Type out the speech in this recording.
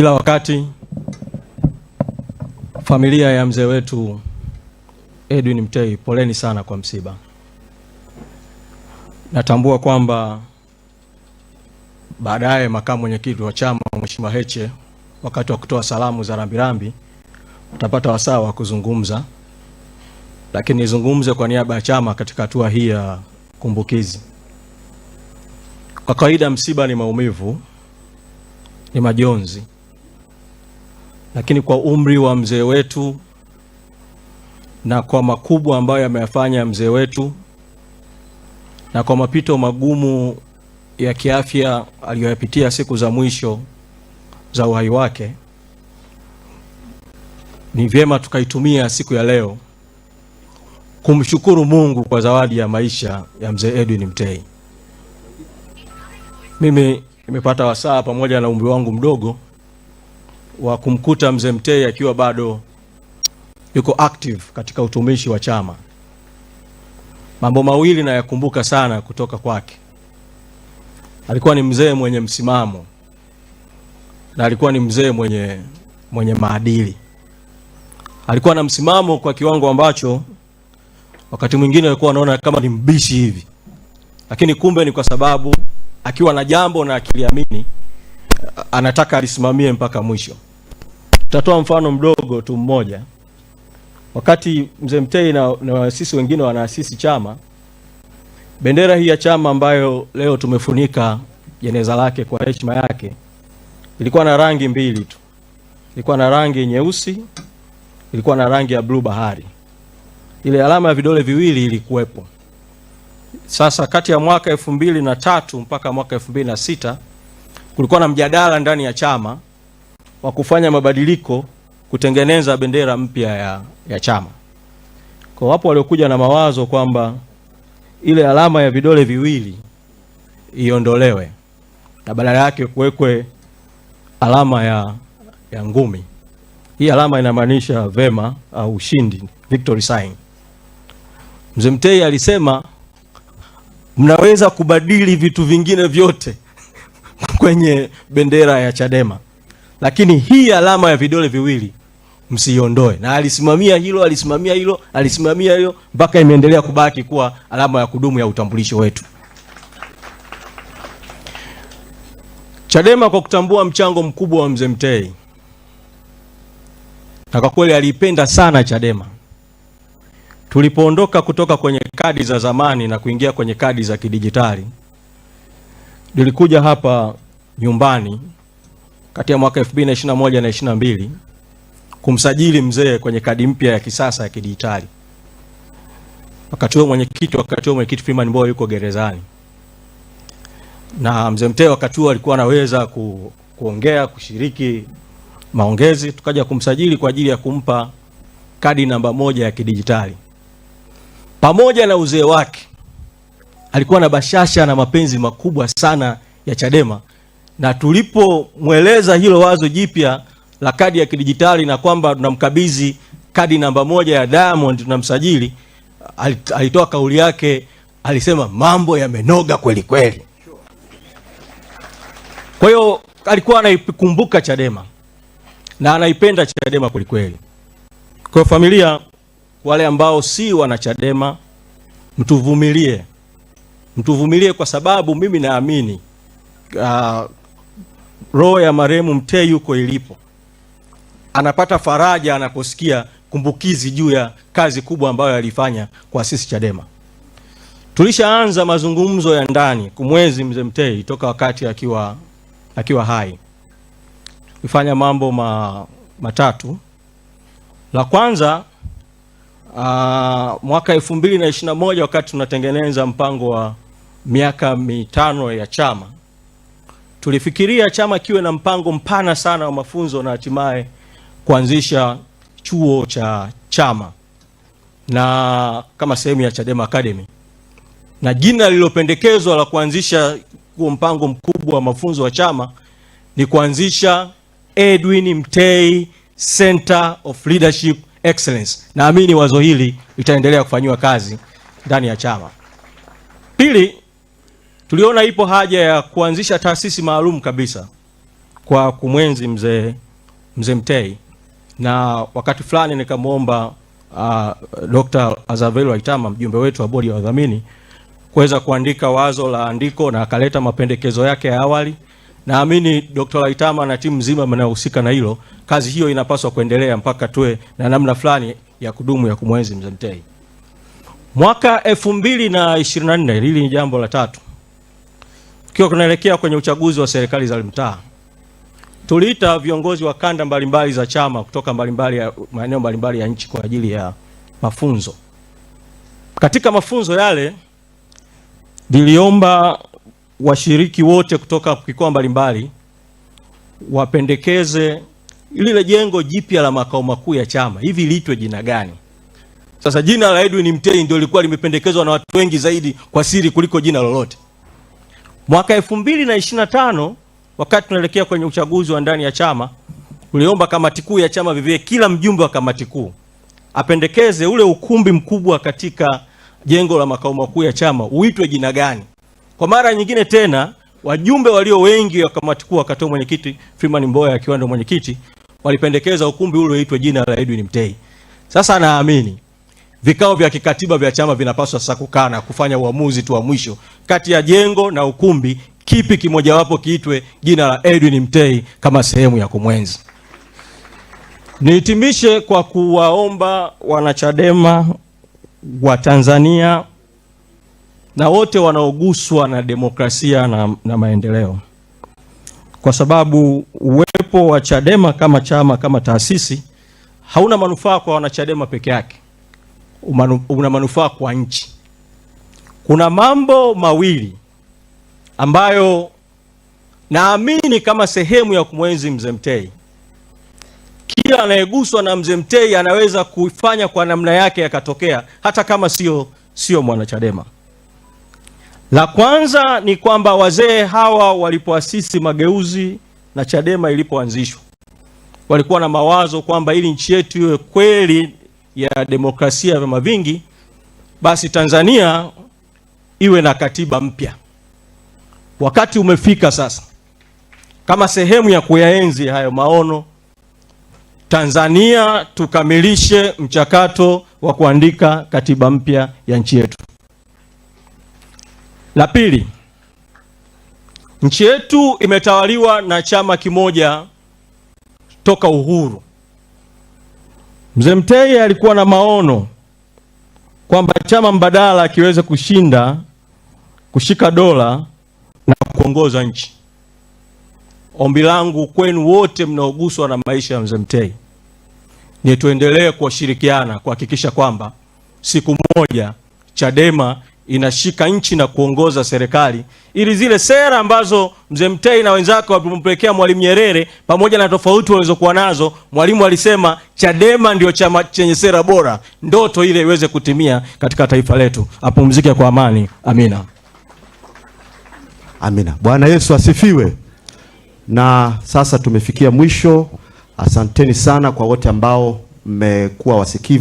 Kila wakati familia ya mzee wetu Edwin Mtei, poleni sana kwa msiba. Natambua kwamba baadaye makamu mwenyekiti wa chama Mheshimiwa Heche, wakati wa kutoa salamu za rambirambi, utapata wasaa wa kuzungumza, lakini nizungumze kwa niaba ya chama katika hatua hii ya kumbukizi. Kwa kawaida msiba ni maumivu, ni majonzi lakini kwa umri wa mzee wetu na kwa makubwa ambayo ameyafanya mzee wetu na kwa mapito magumu ya kiafya aliyoyapitia siku za mwisho za uhai wake, ni vyema tukaitumia siku ya leo kumshukuru Mungu kwa zawadi ya maisha ya mzee Edwin Mtei. Mimi nimepata wasaa pamoja na umri wangu mdogo wa kumkuta mzee Mtei akiwa bado yuko active katika utumishi wa chama. Mambo mawili nayakumbuka sana kutoka kwake. Alikuwa ni mzee mwenye msimamo na alikuwa ni mzee mwenye, mwenye maadili. Alikuwa na msimamo kwa kiwango ambacho wakati mwingine alikuwa anaona kama ni mbishi hivi, lakini kumbe ni kwa sababu akiwa na jambo na akiliamini anataka alisimamie mpaka mwisho. Tutatoa mfano mdogo tu mmoja. Wakati mzee Mtei na, na waasisi wengine wanaasisi chama, bendera hii ya chama ambayo leo tumefunika jeneza lake kwa heshima yake ilikuwa na rangi mbili tu, ilikuwa na rangi nyeusi, ilikuwa na rangi ya bluu bahari. Ile alama ya vidole viwili ilikuwepo. Sasa kati ya mwaka elfu mbili na tatu mpaka mwaka elfu mbili na sita kulikuwa na mjadala ndani ya chama wa kufanya mabadiliko kutengeneza bendera mpya ya, ya chama. Kwa wapo waliokuja na mawazo kwamba ile alama ya vidole viwili iondolewe na badala yake kuwekwe alama ya, ya ngumi. Hii alama inamaanisha vema au ushindi, victory sign. Mzee Mtei alisema mnaweza kubadili vitu vingine vyote kwenye bendera ya Chadema lakini hii alama ya vidole viwili msiiondoe. Na alisimamia hilo, alisimamia hilo, alisimamia hilo mpaka imeendelea kubaki kuwa alama ya kudumu ya utambulisho wetu. Chadema kwa kutambua mchango mkubwa wa mzee Mtei, na kwa kweli aliipenda sana Chadema. Tulipoondoka kutoka kwenye kadi za zamani na kuingia kwenye kadi za kidijitali, nilikuja hapa nyumbani kati ya mwaka 2021 na 2022 kumsajili mzee kwenye kadi mpya ya kisasa ya kidijitali. Wakati huo mwenyekiti, wakati huo mwenyekiti Freeman Mbowe yuko gerezani, na mzee Mtee wakati huo alikuwa anaweza ku, kuongea kushiriki maongezi. Tukaja kumsajili kwa ajili ya kumpa kadi namba moja ya kidijitali. Pamoja na uzee wake, alikuwa na bashasha na mapenzi makubwa sana ya Chadema na tulipomweleza hilo wazo jipya la kadi ya kidijitali na kwamba tunamkabidhi kadi namba moja ya Diamond tunamsajili, alitoa kauli yake, alisema mambo yamenoga kweli kweli. Kwa hiyo alikuwa anaikumbuka Chadema na anaipenda Chadema kweli kweli. Kwa familia, wale ambao si wana Chadema, mtuvumilie, mtuvumilie kwa sababu mimi naamini uh, roho ya marehemu Mtei yuko ilipo, anapata faraja anaposikia kumbukizi juu ya kazi kubwa ambayo alifanya kwa sisi Chadema. Tulishaanza mazungumzo ya ndani kumwenzi mzee Mtei toka wakati akiwa, akiwa hai. Tulifanya mambo ma, matatu. La kwanza aa, ah, mwaka elfu mbili na ishirini na moja wakati tunatengeneza mpango wa miaka mitano ya chama Tulifikiria chama kiwe na mpango mpana sana wa mafunzo na hatimaye kuanzisha chuo cha chama na kama sehemu ya Chadema Academy, na jina lililopendekezwa la kuanzisha huo mpango mkubwa wa mafunzo wa chama ni kuanzisha Edwin Mtei Center of Leadership Excellence. Naamini wazo hili litaendelea kufanyiwa kazi ndani ya chama. Pili, tuliona ipo haja ya kuanzisha taasisi maalum kabisa kwa kumwenzi mzee mzee Mtei, na wakati fulani nikamwomba uh, ah, Dr. Azavelo Aitama mjumbe wetu wa bodi ya wadhamini kuweza kuandika wazo la andiko na akaleta mapendekezo yake ya awali. Naamini Dr. Aitama na timu nzima mnayohusika na hilo, kazi hiyo inapaswa kuendelea mpaka tuwe na namna fulani ya kudumu ya kumwenzi mzee Mtei. Mwaka 2024 hili ni jambo la tatu Tukiwa tunaelekea kwenye uchaguzi wa serikali za mtaa, tuliita viongozi wa kanda mbalimbali za chama kutoka mbalimbali maeneo mbalimbali ya nchi kwa ajili ya mafunzo. Katika mafunzo yale niliomba washiriki wote kutoka mikoa mbalimbali wapendekeze lile jengo jipya la makao makuu ya chama hivi liitwe jina gani? Sasa jina la Edwin Mtei ndio lilikuwa limependekezwa na watu wengi zaidi kwa siri kuliko jina lolote. Mwaka tano wakati tunaelekea kwenye uchaguzi wa ndani ya chama, uliomba kamati kuu ya chama vivie, kila mjumbe wa kamati kuu apendekeze ule ukumbi mkubwa katika jengo la makao makuu ya chama uitwe jina gani. Kwa mara nyingine tena wajumbe walio wengi wa kamati kuu wakatoa, mwenyekiti Freeman Mboya akiwa ndo mwenyekiti, walipendekeza ukumbi ule uitwe jina la Edwin Mtei. Sasa naamini vikao vya kikatiba vya chama vinapaswa sasa kukaa na kufanya uamuzi tu wa mwisho kati ya jengo na ukumbi, kipi kimojawapo kiitwe jina la Edwin Mtei kama sehemu ya kumwenzi. Nihitimishe kwa kuwaomba wanachadema wa Tanzania na wote wanaoguswa na demokrasia na, na maendeleo, kwa sababu uwepo wa Chadema kama chama kama taasisi hauna manufaa kwa wanachadema peke yake umanu, una manufaa kwa nchi. Kuna mambo mawili ambayo naamini kama sehemu ya kumwenzi Mzee Mtei, kila anayeguswa na Mzee Mtei anaweza kufanya kwa namna yake yakatokea, hata kama sio sio mwanachadema. La kwanza ni kwamba wazee hawa walipoasisi mageuzi na Chadema ilipoanzishwa, walikuwa na mawazo kwamba ili nchi yetu iwe kweli ya demokrasia ya vyama vingi, basi Tanzania iwe na katiba mpya. Wakati umefika sasa, kama sehemu ya kuyaenzi hayo maono, Tanzania tukamilishe mchakato wa kuandika katiba mpya ya nchi yetu. La pili, nchi yetu imetawaliwa na chama kimoja toka uhuru Mzee Mtei alikuwa na maono kwamba chama mbadala akiweza kushinda kushika dola na kuongoza nchi. Ombi langu kwenu wote mnaoguswa na maisha ya Mzee Mtei ni tuendelee kuwashirikiana kuhakikisha kwamba siku moja Chadema inashika nchi na kuongoza serikali ili zile sera ambazo mzee Mtei na wenzake walimpelekea Mwalimu Nyerere, pamoja na tofauti walizokuwa nazo, Mwalimu alisema Chadema ndio chama chenye sera bora, ndoto ile iweze kutimia katika taifa letu. Apumzike kwa amani. Amina, amina. Bwana Yesu asifiwe. Na sasa tumefikia mwisho. Asanteni sana kwa wote ambao mmekuwa wasikivu.